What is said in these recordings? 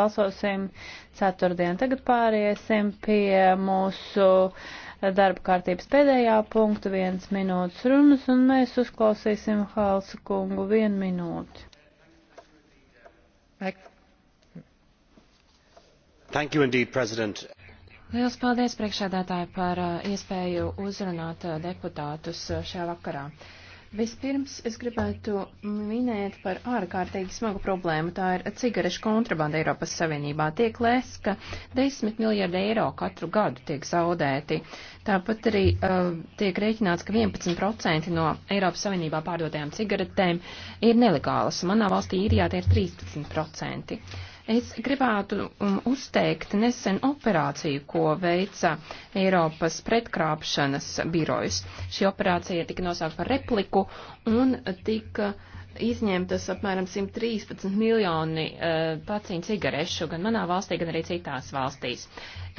Balsosim ceturtdien. Tagad pāriesim pie mūsu darba kārtības pēdējā punkta, viens minūtes runas, un mēs uzklausīsim Halsa kungu vienu minūti. Thank you indeed, President. Liels paldies priekšādātāji par uh, iespēju uzrunāt uh, deputātus uh, šajā vakarā. Uh, Vispirms es gribētu minēt par ārkārtīgi smagu problēmu. Tā ir cigarešu kontrabanda Eiropas Savienībā. Tiek lēsts, ka 10 miljardi eiro katru gadu tiek zaudēti. Tāpat arī uh, tiek rēķināts, ka 11% no Eiropas Savienībā pārdotajām cigaretēm ir nelegālas. Manā valstī īrijā tie ir 13%. Es gribētu um, uzteikt nesen operāciju, ko veica Eiropas pretkrāpšanas birojas. Šī operācija tika nosaukta par repliku un tika izņemtas apmēram 113 miljoni uh, paciņu cigarešu gan manā valstī, gan arī citās valstīs.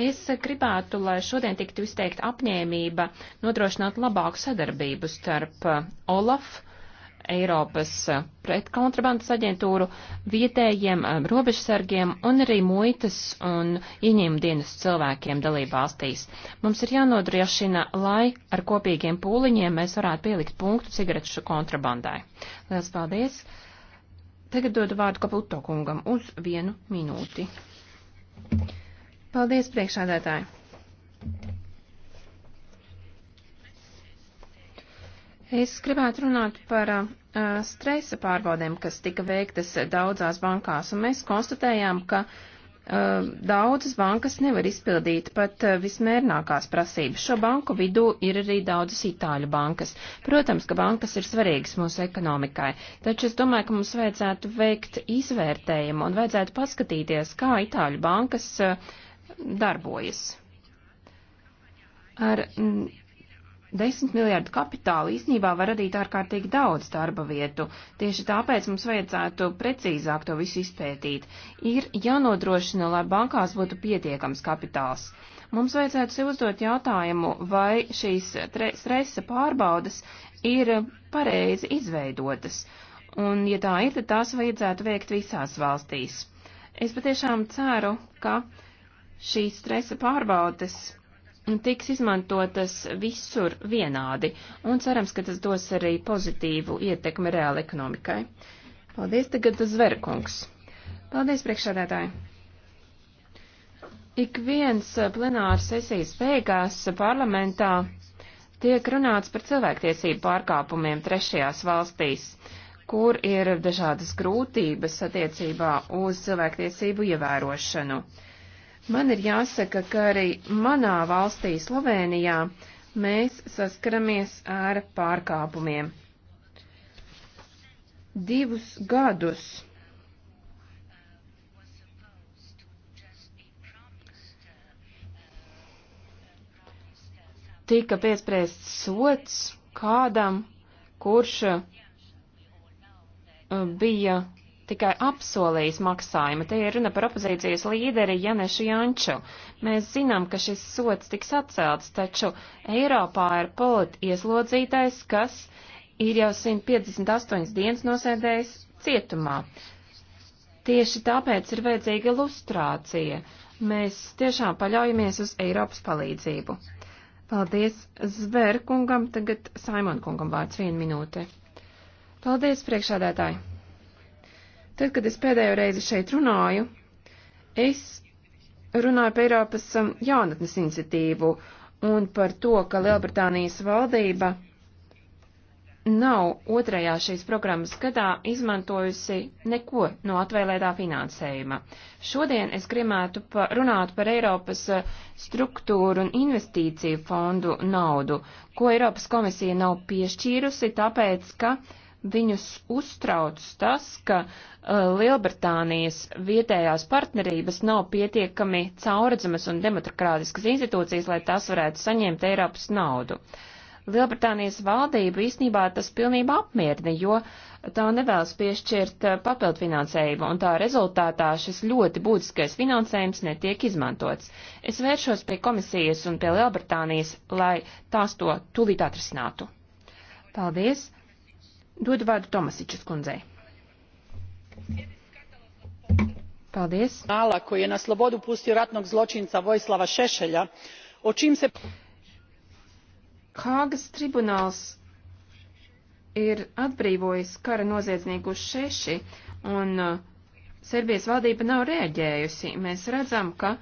Es gribētu, lai šodien tiktu izteikta apņēmība nodrošināt labāku sadarbību starp uh, OLAF, uh, Eiropas eh, pretkontrabandas aģentūru, vietējiem eh, robežsargiem un arī muitas un ieņēmuma dienas cilvēkiem dalībvalstīs. Mums ir jānodrošina, lai ar kopīgiem pūliņiem mēs varētu pielikt punktu cigarešu kontrabandai. Lielas paldies! Tagad dodu vārdu Kaputo kungam uz vienu minūti. Paldies, priekšādētāji! Es gribētu runāt par uh, stresa pārbaudēm, kas tika veiktas daudzās bankās, un mēs konstatējām, ka uh, daudzas bankas nevar izpildīt pat uh, vismērnākās prasības. Šo banku vidū ir arī daudzas itāļu bankas. Protams, ka bankas ir svarīgas mūsu ekonomikai, taču es domāju, ka mums vajadzētu veikt izvērtējumu un vajadzētu paskatīties, kā itāļu bankas uh, darbojas. Ar, mm, 10 miljārdu kapitāla īsnībā var radīt ārkārtīgi daudz darba vietu. Tieši tāpēc mums vajadzētu precīzāk to visu izpētīt. Ir jānodrošina, lai bankās būtu pietiekams kapitāls. Mums vajadzētu sev uzdot jautājumu, vai šīs stresa pārbaudas ir pareizi izveidotas. Un, ja tā ir, tad tās vajadzētu veikt visās valstīs. Es patiešām ceru, ka šīs stresa pārbaudes tiks izmantotas visur vienādi, un cerams, ka tas dos arī pozitīvu ietekmi reāli ekonomikai. Paldies tagad Zverkungs. Paldies priekšādētāji. Ik viens plenāras sesijas beigās parlamentā tiek runāts par cilvēktiesību pārkāpumiem trešajās valstīs, kur ir dažādas grūtības attiecībā uz cilvēktiesību ievērošanu. Man ir jāsaka, ka arī manā valstī, Slovenijā, mēs saskaramies ar pārkāpumiem. Divus gadus tika piespriests sots kādam, kurš uh, bija tikai apsolījis maksājumu. Te ir runa par opozīcijas līderi Janešu Janču. Mēs zinām, ka šis sots tiks atcelts, taču Eiropā ir politi ieslodzītais, kas ir jau 158 dienas nosēdējis cietumā. Tieši tāpēc ir vajadzīga lustrācija. Mēs tiešām paļaujamies uz Eiropas palīdzību. Paldies Zverkungam, tagad Saimon kungam vārds vienu minūti. Paldies priekšādētāji! Tad, kad es pēdējo reizi šeit runāju, es runāju par Eiropas um, jaunatnes iniciatīvu un par to, ka Lielbritānijas valdība nav otrajā šīs programmas gadā izmantojusi neko no atvēlētā finansējuma. Šodien es gribētu pa, runāt par Eiropas uh, struktūru un investīciju fondu naudu, ko Eiropas komisija nav piešķīrusi, tāpēc, ka uh, Viņus uztrauc tas, ka uh, Lielbritānijas vietējās partnerības nav pietiekami cauradzamas un demokrātiskas institūcijas, lai tās varētu saņemt Eiropas naudu. Lielbritānijas valdība īsnībā tas pilnībā apmierina, jo tā nevēlas piešķirt uh, papildfinansējumu, un tā rezultātā šis ļoti būtiskais finansējums netiek izmantots. Es vēršos pie komisijas un pie Lielbritānijas, lai tās to tūlīt atrisinātu. Paldies! Dodu vārdu Tomasičas kundzei. Paldies. Nala koji je na slobodu pustio ratnog zločinca Vojislava Šešelja, o čim se... Hāgas tribunāls ir atbrīvojis kara noziedznieku šeši, un uh, Serbijas valdība nav rēģējusi. Mēs redzam, ka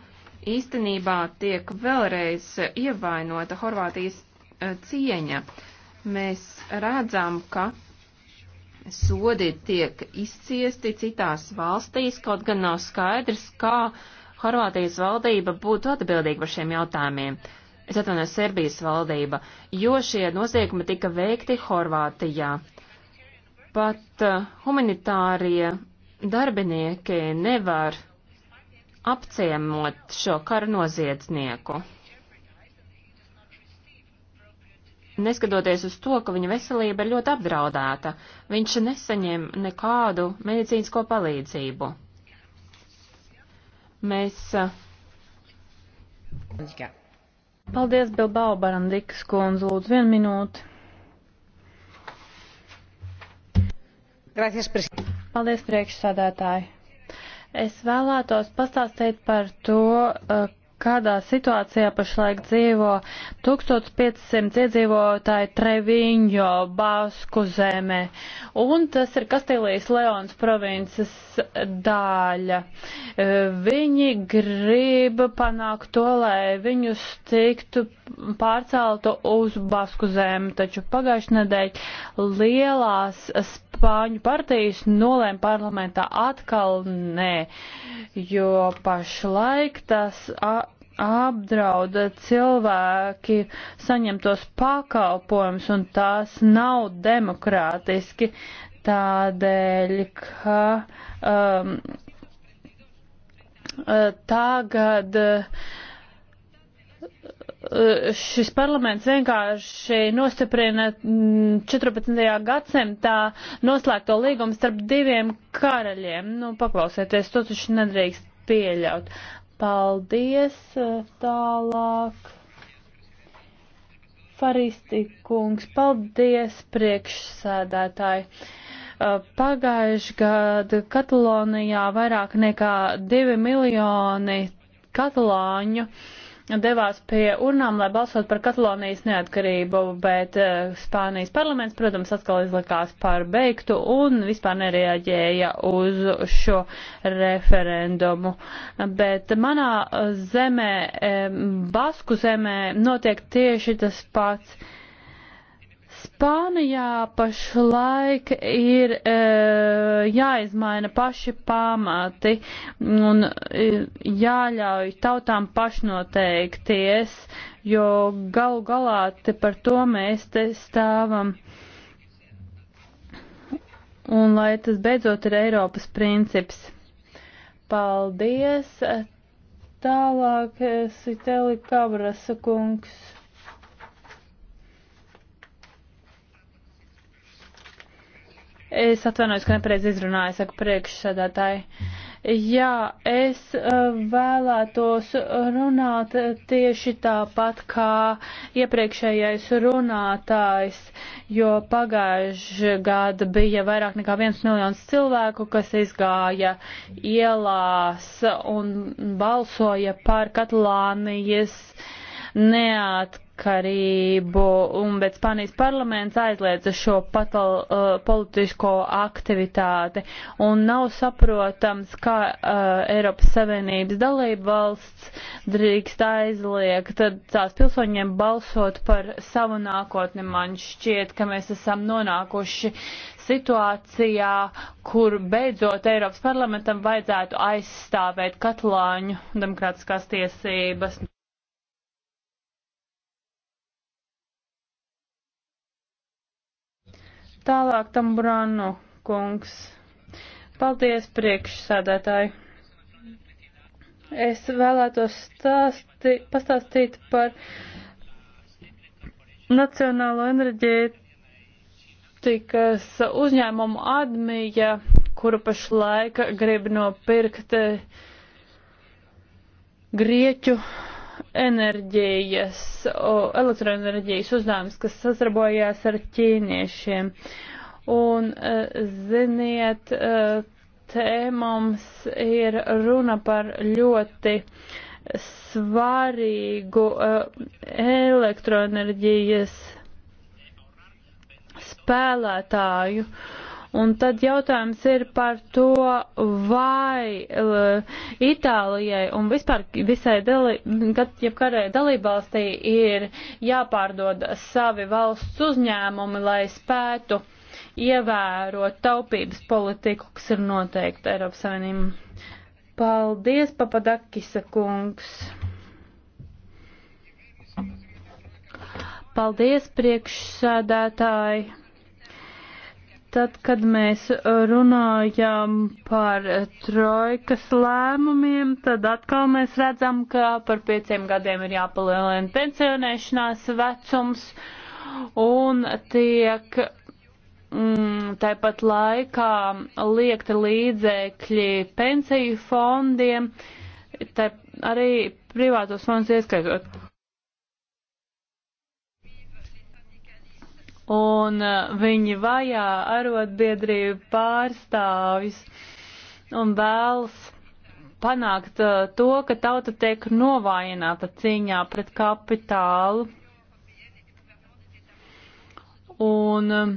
īstenībā tiek vēlreiz uh, ievainota Horvātijas uh, cieņa. Mēs redzam, ka sodi tiek izciesti citās valstīs, kaut gan nav skaidrs, kā Horvātijas valdība būtu atbildīga par šiem jautājumiem. Es atvainojos Serbijas valdība, jo šie noziegumi tika veikti Horvātijā. Pat uh, humanitārie darbinieki nevar apciemot šo karu noziedznieku. neskatoties uz to, ka viņa veselība ir ļoti apdraudēta, viņš nesaņem nekādu medicīnisko palīdzību. Mēs. Uh, Paldies, Bilbao Barandikas kundze, lūdzu, vienu minūti. Gracias, Paldies, priekšsādātāji. Es vēlētos pastāstīt par to, uh, kādā situācijā pašlaik dzīvo 1500 iedzīvotāji Treviņo, Basku zemē, un tas ir Kastīlijas Leons provinces dāļa. Viņi grib panākt to, lai viņus tiktu pārceltu uz Basku zemi, taču pagājušajā nedēļā lielās Spāņu partijas nolēma parlamentā atkal nē, jo pašlaik tas apdrauda cilvēki saņemtos pakalpojumus un tās nav demokrātiski tādēļ, ka um, tagad uh, Eh, šis parlaments vienkārši nostiprina 14. Mm, gadsimtā noslēgto līgumu starp diviem karaļiem. Nu, paklausieties, to taču nedrīkst pieļaut. Paldies, eh, tālāk. Faristi kungs, paldies, priekšsēdētāji. Eh, pagājuši gadu Katalonijā vairāk nekā 2 miljoni katalāņu uh, devās pie urnām, lai balsot par Katalonijas neatkarību, bet eh, Spānijas parlaments, protams, atkal izlikās par beigtu un vispār nereaģēja uz šo referendumu. Bet manā zemē, eh, Basku zemē, notiek tieši tas pats. Spānijā pašlaik ir e, jāizmaina paši pamati un e, jāļauj tautām pašnoteikties, jo galu galā te par to mēs te stāvam. Un lai tas beidzot ir Eiropas princips. Paldies! Tālāk, e, Siteli Kabrasa kungs. Es atvainojos, ka nepareiz izrunāju, saku priekšsēdētāji. Jā, es uh, vēlētos runāt tieši tāpat kā iepriekšējais runātājs, jo pagājuši gada bija vairāk nekā viens miljons cilvēku, kas izgāja ielās un balsoja par Katalānijas neatkarību neatkarību, un bet Spānijas parlaments aizliedza šo patal, uh, politisko aktivitāti, un nav saprotams, kā uh, Eiropas Savienības dalība valsts drīkst aizliegt tās pilsoņiem balsot par savu nākotni. Man šķiet, ka mēs esam nonākuši situācijā, kur beidzot Eiropas parlamentam vajadzētu aizstāvēt katlāņu demokrātiskās tiesības. Tālāk Tamburāno kungs. Paldies, priekšsēdētāji. Es vēlētos stāsti, pastāstīt par Nacionālo enerģētikas uzņēmumu Admija, kuru pašlaik grib nopirkt eh, Grieķu enerģijas, elektroenerģijas uzņēmums, kas sazarbojās ar ķīniešiem. Un, e, ziniet, e, te mums ir runa par ļoti svarīgu e, elektroenerģijas spēlētāju. Uh, Un tad jautājums ir par to, vai uh, Itālijai un vispār visai, deli, kad jebkādai dalībvalstī ir jāpārdod savi valsts uzņēmumi, lai spētu ievērot taupības politiku, kas ir noteikta Eiropas Savienībām. Paldies, Papadakisa kungs! Paldies, priekšsēdētāji! Tad, kad mēs runājam par trojkas lēmumiem, tad atkal mēs redzam, ka par pieciem gadiem ir jāpalielina pensionēšanās vecums un tiek mm, tāpat laikā liekta līdzēkļi pensiju fondiem, tā arī privātos fondus ieskaitot. un uh, viņi vajā arotbiedrību pārstāvis un vēlas panākt uh, to, ka tauta tiek novājināta cīņā pret kapitālu. Un um,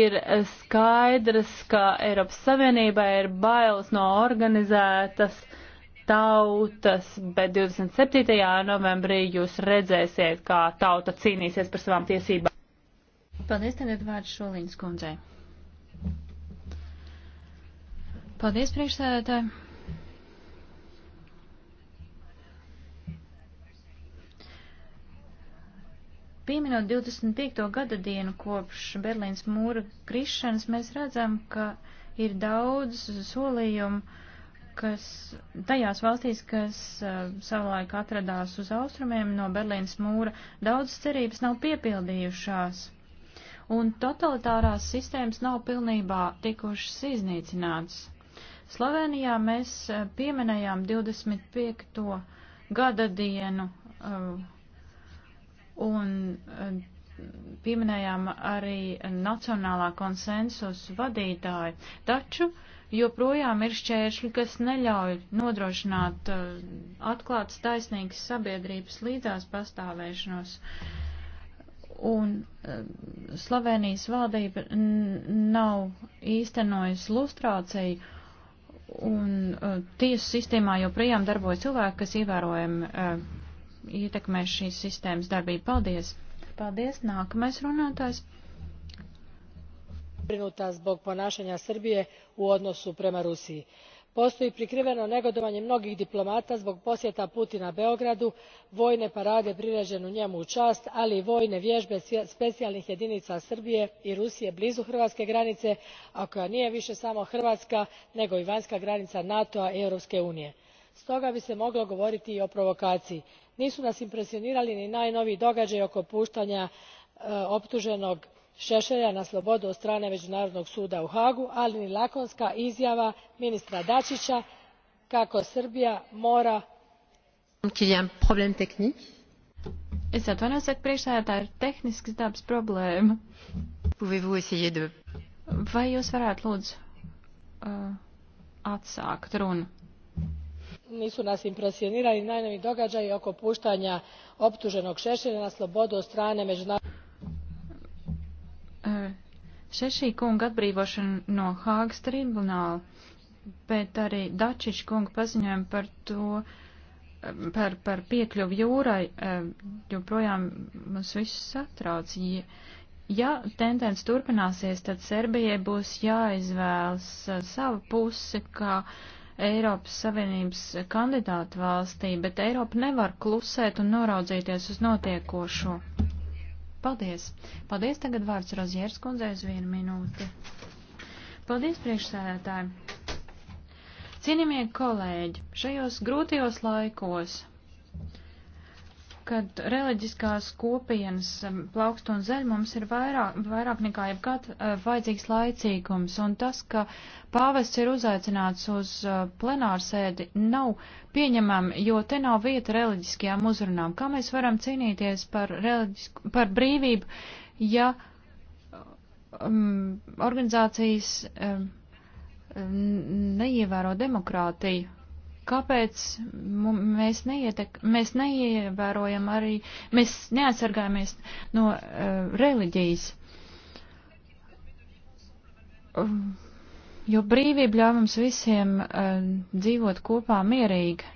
ir skaidrs, ka Eiropas Savienībai ir bailes no organizētas uh, tautas, bet 27. novembrī jūs redzēsiet, kā tauta cīnīsies par savām tiesībām. Paldies, tagad vārds Šolīnas kundzei. Paldies, priekšsēdētāji. Pieminot 25. gada dienu kopš Berlīnas mūra krišanas, mēs redzam, ka ir daudz solījumu kas tajās valstīs, kas uh, savulaik atradās uz austrumiem no Berlīnas mūra, daudz cerības nav piepildījušās, un totalitārās sistēmas nav pilnībā tikušas iznīcināts. Slovenijā mēs pieminējām 25. gada dienu uh, un uh, pieminējām arī nacionālā konsensus vadītāju, taču uh, joprojām ir šķēršļi, kas neļauj nodrošināt uh, atklāts taisnīgas sabiedrības līdzās pastāvēšanos. Un uh, Slovenijas valdība nav īstenojusi lustrāciju, un uh, tiesu sistēmā joprojām darbojas cilvēki, kas ievērojami uh, ietekmē šīs sistēmas darbību. Paldies! Paldies! Nākamais runātājs! zabrinuta zbog ponaanja srbije u odnosu prema rusiji. postoji prikriveno negodovanje mnogih diplomata zbog posjeta putina beogradu vojne parade prireene njemu u ast ali i vojne vjebe specijalnih jedinica srbije i rusije blizu hrvatske granice a koja nije vie samo hrvatska nego i vanjska granica nato a i europske unije. stoga bi se moglo govoriti i o provokaciji. nisu nas impresionirali ni najnoviji dogaaj oko putanja e, optuenog šešelja na slobodu od strane međunarodnog suda u haagu ali ni lakonska izjava ministra dačića kako srbija mora Es atvainojos, saka priekšsēdētāji, ir tehniskas dabas problēma. Vai jūs varētu lūdzu uh, atsākt runu? nisu nas impresionirali najnoviji događaji oko puštanja optuženog šešelja na slobodu od strane međunarodnog suda. Šešī kunga atbrīvošana no Hāgas tribunāla, bet arī Dačiš kunga paziņojumi par to, par, par piekļuvu jūrai, eh, joprojām mums visus satrauc. Ja tendence turpināsies, tad Serbijai būs jāizvēlas eh, sava puse, kā Eiropas Savienības kandidātu valstī, bet Eiropa nevar klusēt un noraudzīties uz notiekošo. Paldies! Paldies tagad vārds Rozieras kundzei uz vienu minūti. Paldies, priekšsēdētāji! Cienījamie kolēģi, šajos grūtajos laikos kad reliģiskās kopienas um, plaukst un zaļ mums ir vairāk, vairāk nekā jebkad uh, vajadzīgs laicīgums, un tas, ka pāvests ir uzaicināts uz uh, plenārsēdi, nav pieņemam, jo te nav vieta reliģiskajām uzrunām. Kā mēs varam cīnīties par, par brīvību, ja um, organizācijas um, neievēro demokrātiju? Kāpēc mēs, neietek, mēs neievērojam arī, mēs neatsargājamies no uh, reliģijas? Um, jo brīvība ļauj mums visiem uh, dzīvot kopā mierīgi.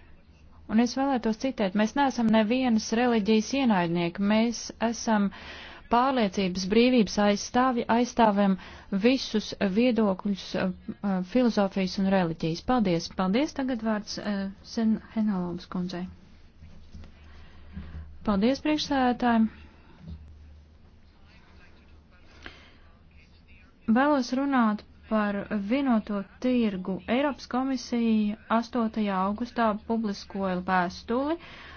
Un es vēlētos citēt, mēs neesam nevienas reliģijas ienaidnieki, mēs esam uh, pārliecības brīvības aizstāvi aizstāvēm visus viedokļus, eh, eh, filozofijas un reliģijas. Paldies! Paldies! Tagad vārds eh, Sen Henaloms kundzei. Paldies priekšsēdētājiem! Vēlos runāt par vienoto tirgu. Eiropas komisija 8. augustā publiskoja vēstuli, uh,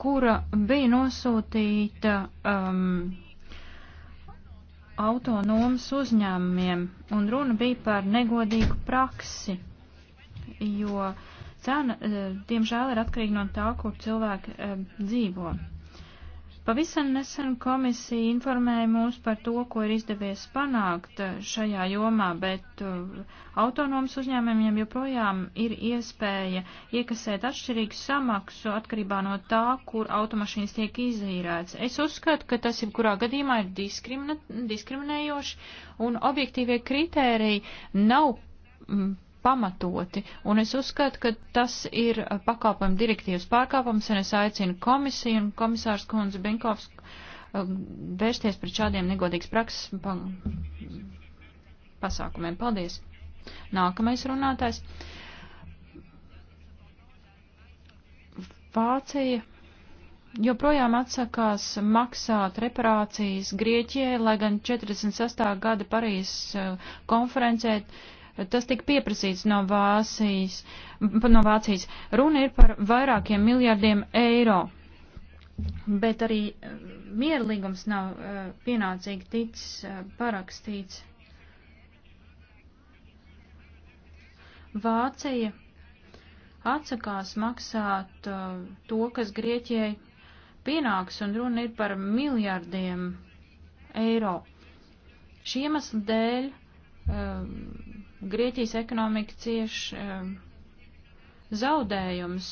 kura bija nosūtīta um, autonomas uzņēmumiem, un runa bija par negodīgu praksi, jo cena, eh, diemžēl, ir atkarīga no tā, kur cilvēki um, dzīvo. Pavisam nesen komisija informēja mūs par to, ko ir izdevies panākt eh, šajā jomā, bet eh, autonomas uzņēmumiem joprojām ir iespēja iekasēt atšķirīgu samaksu atkarībā no tā, kur automašīnas tiek izīrēts. Es uzskatu, ka tas jebkurā gadījumā ir diskriminējoši un objektīvie kritēriji nav mm, pamatoti, un es uzskatu, ka tas ir uh, pakalpojumu direktīvas pārkāpums, un es aicinu komisiju un komisārs kundze Binkovs um, vērsties pret šādiem negodīgas prakses pa pasākumiem. Paldies! Nākamais runātājs. Vācija joprojām atsakās maksāt reparācijas Grieķijai, lai gan 46. gada Parīzes uh, konferencē Tas tika pieprasīts no Vācijas. No Vācijas. Runa ir par vairākiem miljardiem eiro. Bet arī eh, miera līgums nav uh, pienācīgi ticis uh, parakstīts. Vācija atsakās maksāt uh, to, kas Grieķijai pienāks, un runa ir par miljardiem eiro. Šī iemesla dēļ uh, Grieķijas ekonomika cieš um, zaudējums.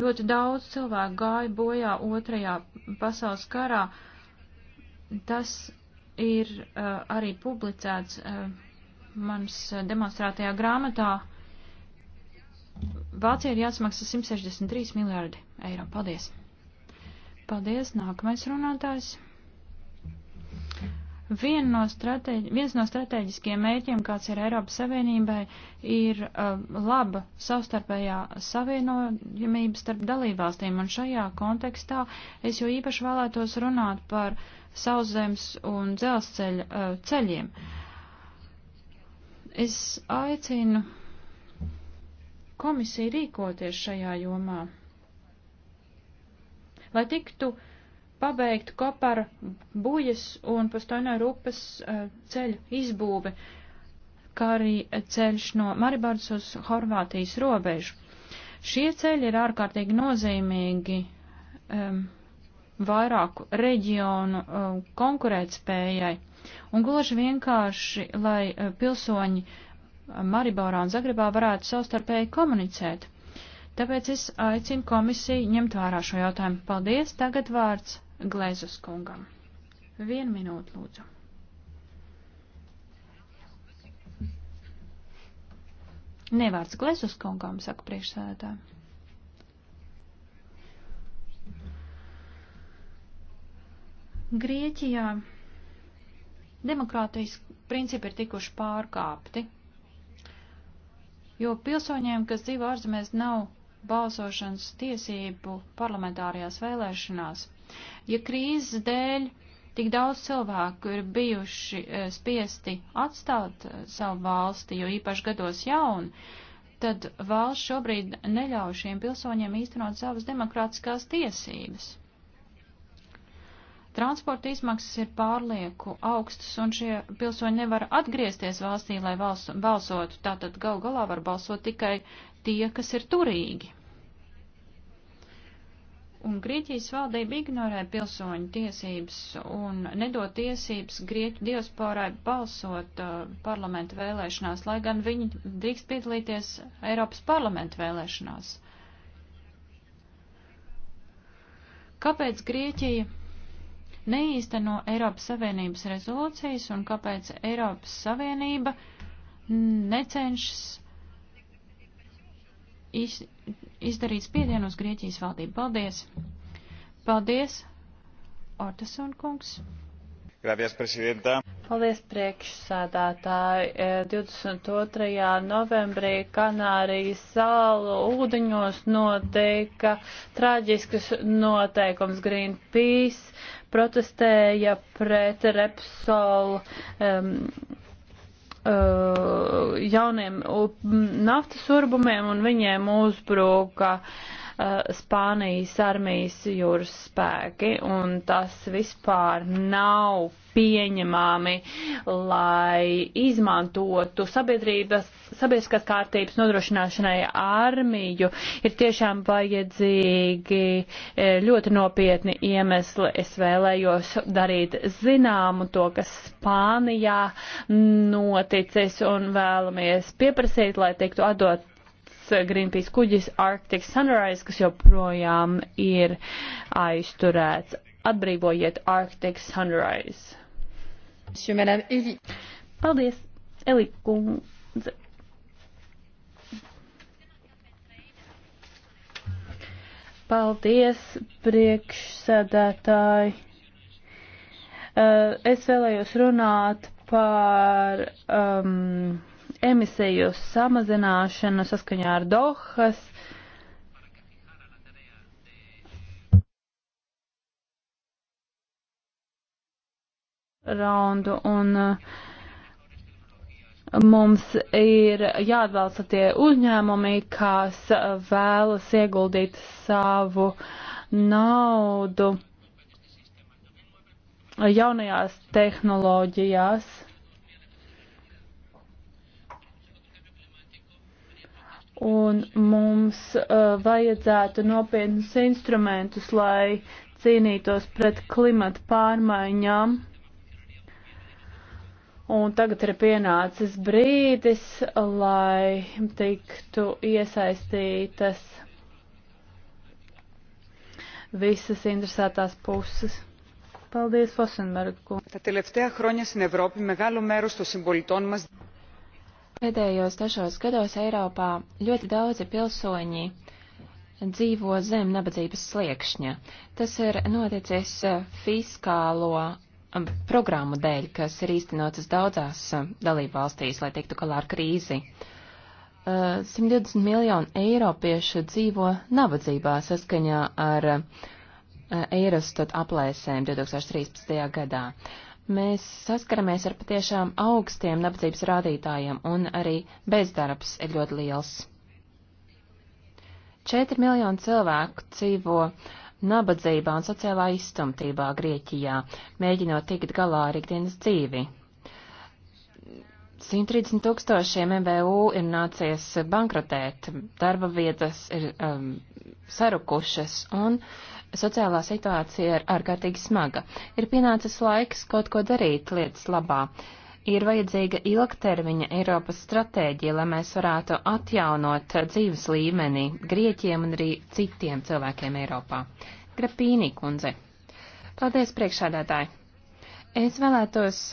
Ļoti daudz cilvēku gāja bojā otrajā pasaules karā. Tas ir uh, arī publicēts uh, manas demonstrētajā grāmatā. Vācija ir jāsmaksā 163 miljārdi eiro. Paldies! Paldies! Nākamais runātājs! Vien no viens no strateģiskiem mērķiem, kāds ir Eiropas Savienībai, ir uh, laba savstarpējā savienojamība starp dalībvalstīm, un šajā kontekstā es jau īpaši vēlētos runāt par sauszemes un dzelzceļa uh, ceļiem. Es aicinu komisiju rīkoties šajā jomā, lai tiktu uh, pabeigtu kopara bujas un pastoinā rūpas eh, ceļu izbūvi, kā arī ceļš no Maribārdas uz Horvātijas robežu. Šie ceļi ir ārkārtīgi nozīmīgi um, vairāku reģionu um, konkurētspējai. Un gluži vienkārši, lai uh, pilsoņi eh, Mariborā un Zagrebā varētu savstarpēji komunicēt. Tāpēc es aicinu komisiju ņemt vērā šo jautājumu. Paldies, tagad vārds Glezas kungam. Vienu minūtu, lūdzu. Nevārds Glezas kungam, saka priekšsēdētā. Grieķijā demokrātijas principi ir tikuši pārkāpti, jo pilsoņiem, kas dzīvo ārzemēs, nav balsošanas tiesību parlamentārajās vēlēšanās. Ja krīzes dēļ tik daudz cilvēku ir bijuši e, spiesti atstāt e, savu valsti, jo īpaši gados jaunu, tad valsts šobrīd neļauj šiem pilsoņiem īstenot savas demokrātiskās tiesības. Transporta izmaksas ir pārlieku augstas, un šie pilsoņi nevar atgriezties valstī, lai balsotu. Tātad gal galā var balsot tikai tie, kas ir turīgi. Un Grieķijas valdība ignorē pilsoņu tiesības un nedod tiesības Grieķu diasporai balsot uh, parlamentu vēlēšanās, lai gan viņi drīkst piedalīties Eiropas parlamentu vēlēšanās. Kāpēc Grieķija neīsteno Eiropas Savienības rezolūcijas un kāpēc Eiropas Savienība necenšas iz, izdarīt spiedienu uz Grieķijas valdību. Paldies! Paldies, Ortasun kungs! Gracias, presidenta. Paldies, priekšsādātāji. 22. E, novembrī Kanārijas salu ūdeņos noteika traģisks noteikums Greenpeace protestēja pret Repsol um, Uh, jauniem naftas urbumiem un viņiem uzbruka uh, Eh, Spānijas armijas jūras spēki, un tas vispār nav pieņemami, lai izmantotu sabiedrības, sabiedriskās kārtības nodrošināšanai armiju, ir tiešām vajadzīgi eh, ļoti nopietni iemesli. Es vēlējos darīt zināmu to, kas Spānijā noticis, un vēlamies pieprasīt, lai tiktu atdot Greenpeace kuģis Arctic Sunrise, kas joprojām ir aizturēts. Atbrīvojiet Arctic Sunrise. Paldies, Eli kundze. Paldies, priekšsēdētāji. Uh, es vēlējos runāt par um, emisiju samazināšanu saskaņā ar Dohas. Raundu un uh, mums ir jāatbalsta tie uzņēmumi, kas vēlas ieguldīt savu naudu jaunajās tehnoloģijās. un mums uh, vajadzētu nopietnus instrumentus, lai cīnītos pret klimata pārmaiņām. Un tagad ir pienācis brīdis, lai tiktu iesaistītas visas interesētās puses. Paldies, Fosenbergu. Τα τελευταία χρόνια στην Ευρώπη μεγάλο μέρος των συμπολιτών μας Pēdējos dažos gados Eiropā ļoti daudzi pilsoņi dzīvo zem nabadzības sliekšņa. Tas ir noticis eh, fiskālo um, programmu dēļ, kas ir īstenotas daudzās um, dalību valstīs, lai tiktu galā ar krīzi. 120 eh, miljonu eiropiešu dzīvo nabadzībā saskaņā ar Eirostat eh, aplēsēm 2013. gadā. Mēs saskaramies ar patiešām augstiem nabadzības rādītājiem, un arī bezdarbs ir ļoti liels. 4 miljoni cilvēku dzīvo nabadzībā un sociālā izstumtībā Grieķijā, mēģinot tikt galā ar ikdienas dzīvi. 130 tūkstošiem MBU ir nācies bankrotēt, darba vietas ir um, sarukušas un sociālā situācija ir ārkārtīgi smaga. Ir pienācis laiks kaut ko darīt lietas labā. Ir vajadzīga ilgtermiņa Eiropas stratēģija, lai mēs varētu atjaunot dzīves līmeni Grieķiem un arī citiem cilvēkiem Eiropā. Grapīnī kundze. Paldies, priekšādātāji. Es vēlētos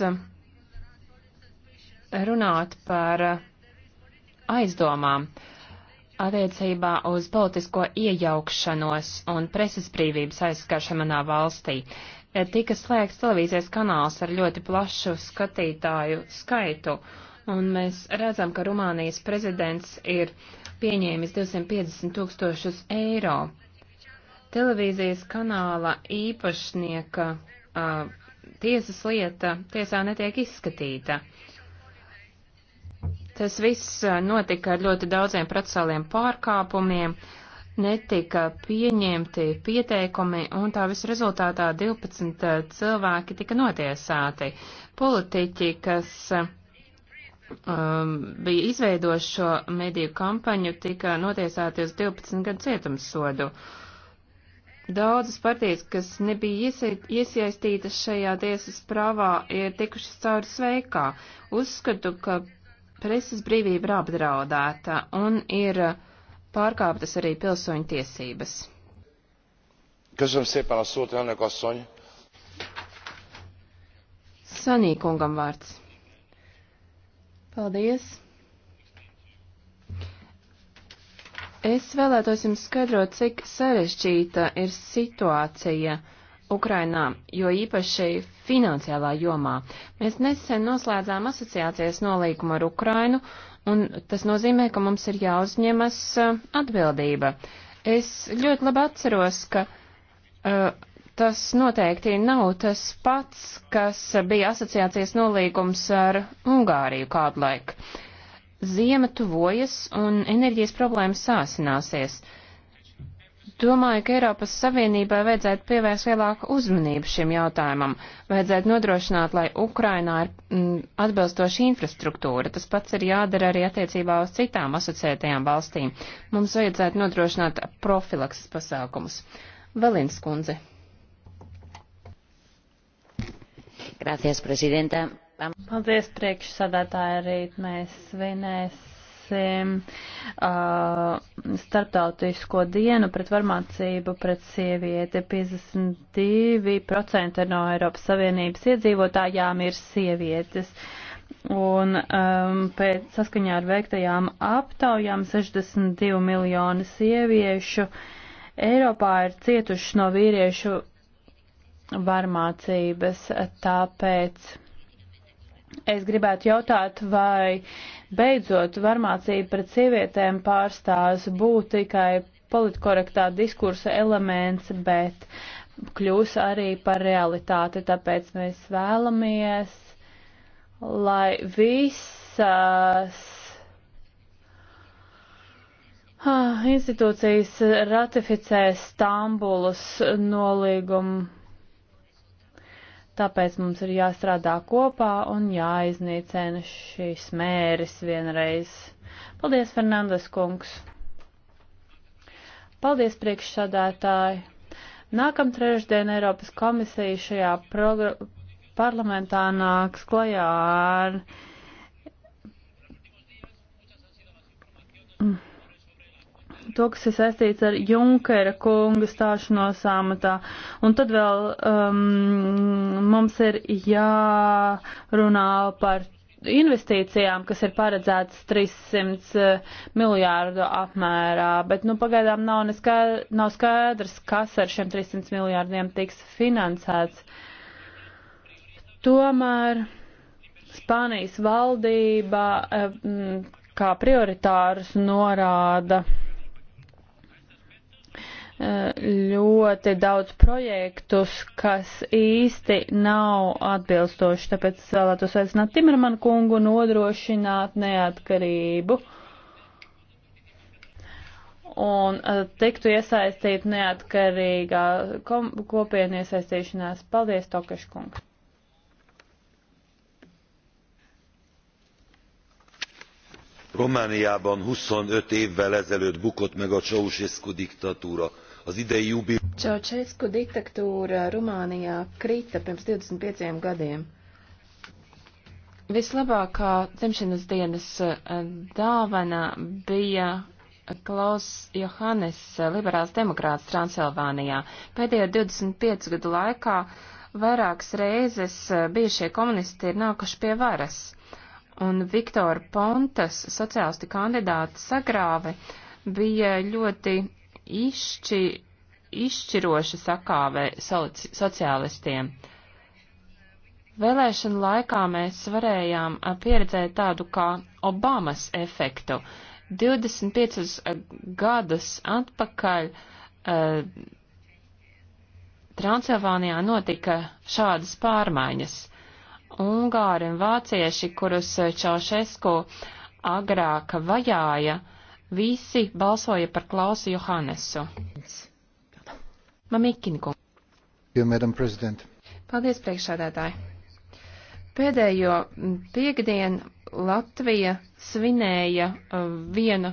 runāt par aizdomām attiecībā uz politisko iejaukšanos un preses brīvības aizskaršanu manā valstī. Tika slēgts televīzijas kanāls ar ļoti plašu skatītāju skaitu, un mēs redzam, ka Rumānijas prezidents ir pieņēmis 250 tūkstošus eiro. Televīzijas kanāla īpašnieka a, tiesas lieta tiesā netiek izskatīta. A, Tas viss notika ar ļoti daudziem procesāliem pārkāpumiem, netika pieņemti pieteikumi, un tā visu rezultātā 12 cilvēki tika notiesāti. Politiķi, kas um, bija izveidojuši šo mediju kampaņu, tika notiesāti uz 12 gadu cietumsodu. Daudzas partijas, kas nebija iesaistītas šajā tiesas prāvā, ir tikušas cauri sveikā. Uzskatu, ka Preses brīvība ir apdraudēta un ir pārkāptas arī pilsoņu tiesības. Köszönöm szépen a szót, elnök asszony. Sanī kungam vārds. Paldies. Es vēlētos jums skaidrot, cik sarežģīta ir situācija Ukrainā, jo īpaši finansiālā jomā. Mēs nesen noslēdzām asociācijas nolīkumu ar Ukrainu, un tas nozīmē, ka mums ir jāuzņemas eh, atbildība. Es ļoti labi atceros, ka uh, tas noteikti nav tas pats, kas bija asociācijas nolīgums ar Ungāriju kādu laiku. Ziema tuvojas un enerģijas problēmas sāsināsies. Uh, Domāju, ka Eiropas Savienībai vajadzētu pievērst lielāku uzmanību šim jautājumam. Vajadzētu nodrošināt, lai Ukrainā ir mm, atbilstoša infrastruktūra. Tas pats ir jādara arī attiecībā uz citām asociētajām valstīm. Mums vajadzētu nodrošināt profilakses pasākumus. Valins kundze. Gracias, prezidenta. Paldies, priekšsādātāji, arī mēs svinēsim organizēsim uh, starptautisko dienu pret varmācību pret sievieti. 52% no Eiropas Savienības iedzīvotājām ir sievietes. Un um, pēc saskaņā ar veiktajām aptaujām 62 miljoni sieviešu Eiropā ir cietuši no vīriešu varmācības, tāpēc es gribētu jautāt, vai Beidzot, varmācība pret sievietēm pārstās būt tikai politkorektā diskursa elements, bet kļūs arī par realitāti, tāpēc mēs vēlamies, lai visas ah, institūcijas ratificē Stambulas nolīgumu Tāpēc mums ir jāstrādā kopā un jāiznīcina šīs mēris vienreiz. Paldies, Fernandes kungs! Paldies, priekšsādātāji! Nākam trešdien Eiropas komisija šajā parlamentā nāks klajā ar. Mm to, kas ir saistīts ar Junkera kunga stāšanos amatā. Un tad vēl um, mums ir jārunā par investīcijām, kas ir paredzētas 300 eh, miljārdu apmērā, bet nu pagaidām nav, neskaidrs, nav skaidrs, kas ar šiem 300 miljārdiem tiks finansēts. Tomēr Spānijas valdība eh, kā prioritārus norāda ļoti daudz projektus, kas īsti nav atbilstoši, tāpēc es vēlētos aicināt Timermanu kungu nodrošināt neatkarību un eh, tiktu iesaistīt neatkarīgā kopiena iesaistīšanās. Paldies, Tokaškungs! romániában twenty five évvel ezelőtt bukott meg a ceausescu diktatúra. Az idei jubi... Čaučesku diktatūra Rumānijā krita pirms 25 gadiem. Vislabākā dzimšanas dienas eh, dāvana bija Klaus Johannes, eh, liberāls demokrāts Transilvānijā. Pēdējo 25 gadu laikā vairākas reizes eh, bijušie komunisti ir nākuši pie varas, un Viktora Pontas, sociālisti kandidāta sagrāve, bija ļoti izšķi, izšķiroši sakāvē soci, sociālistiem. Vēlēšanu laikā mēs varējām pieredzēt tādu kā Obamas efektu. 25 gadus atpakaļ uh, Transilvānijā notika šādas pārmaiņas. Ungāri un vācieši, kurus Čaušesku agrāk vajāja, uh, Visi balsoja par Klausu Johannesu. Mamikinko. Paldies, priekšsādātāji. Pēdējo piekdienu Latvija svinēja uh, viena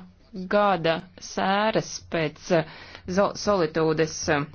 gada sēras pēc uh, solitūdes uh,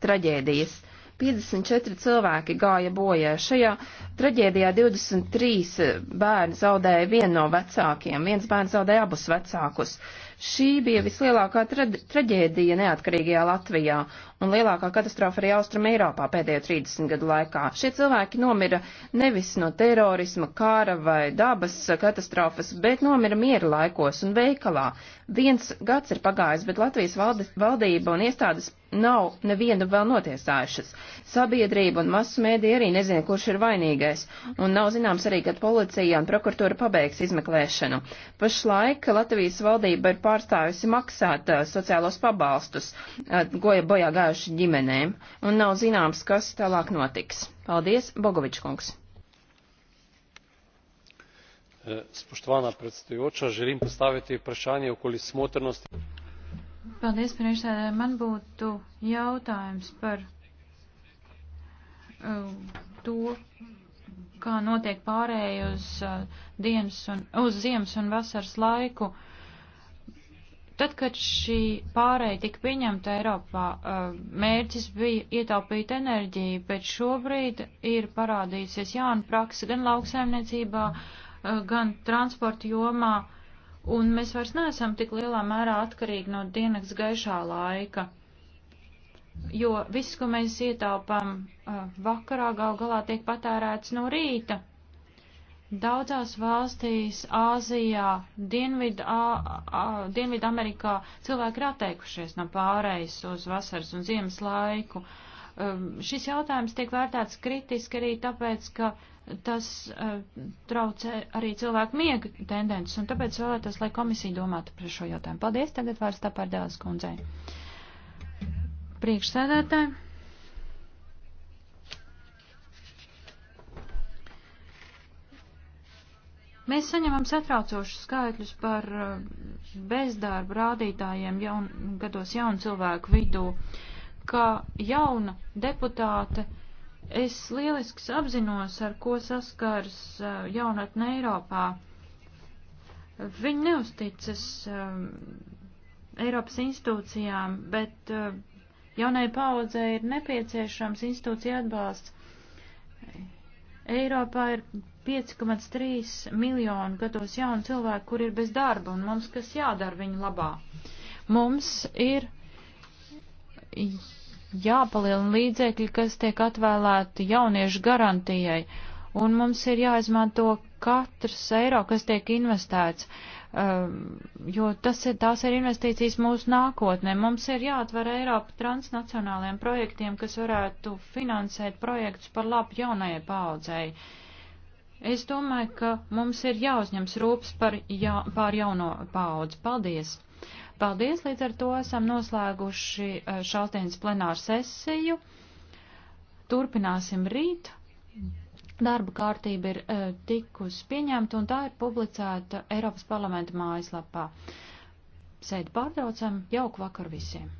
traģēdijas. 54 cilvēki gāja bojā šajā Traģēdijā 23 bērni zaudēja vienu no vecākiem, viens bērns zaudēja abus vecākus. Šī bija vislielākā tra traģēdija neatkarīgajā Latvijā un lielākā katastrofa arī Austrum Eiropā pēdējo 30 gadu laikā. Šie cilvēki nomira nevis no terorisma, kāra vai dabas katastrofas, bet nomira miera laikos un veikalā. Viens gads ir pagājis, bet Latvijas valdi, valdība un iestādes nav nevienu vēl notiesājušas. Sabiedrība un masu mēdī arī nezina, kurš ir vainīgais iestādes, un nav zināms arī, kad policija un prokuratūra pabeigs izmeklēšanu. Pašlaik Latvijas valdība ir pārstājusi maksāt uh, sociālos pabalstus uh, goja bojā gājuši ģimenēm, un nav zināms, kas tālāk notiks. Paldies, Bogovičs kungs! E, spoštovana predsedujoča želim postaviti vprašanje okoli smotrnosti Paldies, priekšsēdētāji. Man būtu jautājums par uh, to, kā notiek pārēja uz, uh, dienas un, uz ziemas un vasaras laiku. Tad, kad šī pārēja tika pieņemta Eiropā, uh, mērķis bija ietaupīt enerģiju, bet šobrīd ir parādījusies jauna praksa gan lauksaimniecībā, uh, gan transporta jomā, un mēs vairs neesam tik lielā mērā atkarīgi no dienas gaišā laika jo viss, ko mēs ietaupām vakarā, gal galā tiek patērēts no rīta. Daudzās valstīs, Āzijā, Dienvidu Dienvid Amerikā cilvēki ir atteikušies no pārējais uz vasaras un ziemas laiku. Šis jautājums tiek vērtēts kritiski arī tāpēc, ka tas traucē arī cilvēku miega tendences, un tāpēc vēlētos, lai komisija domātu par šo jautājumu. Paldies, tagad vairs tā pārdēlas kundzei priekšsēdētāji. Mēs saņemam satraucošus skaitļus par eh, bezdarba rādītājiem jaun, gados jaunu cilvēku vidū. Kā jauna deputāte es lieliski apzinos, ar ko saskars eh, jaunatne Eiropā. Viņi neusticas eh, Eiropas institūcijām, bet Jaunai paudzē ir nepieciešams institūcija atbalsts. Eiropā ir 5,3 miljonu gados jaunu cilvēku, kur ir bez darba, un mums kas jādara viņu labā. Mums ir jāpalielina līdzekļi, kas tiek atvēlēti jauniešu garantijai, un mums ir jāizmanto katrs eiro, kas tiek investēts. Um, jo tas, tās ir investīcijas mūsu nākotnē. Mums ir jāatver Eiropa transnacionāliem projektiem, kas varētu finansēt projektus par labu jaunajai paaudzēji. Es domāju, ka mums ir jāuzņems rūps par, ja, par jauno paaudzi. Paldies! Paldies, līdz ar to esam noslēguši uh, šāsdienas plenāru sesiju. Turpināsim rīt. Darba kārtība ir uh, eh, tikus pieņemta un tā ir publicēta Eiropas parlamenta mājaslapā. Sēdi pārtraucam, jauku vakaru visiem!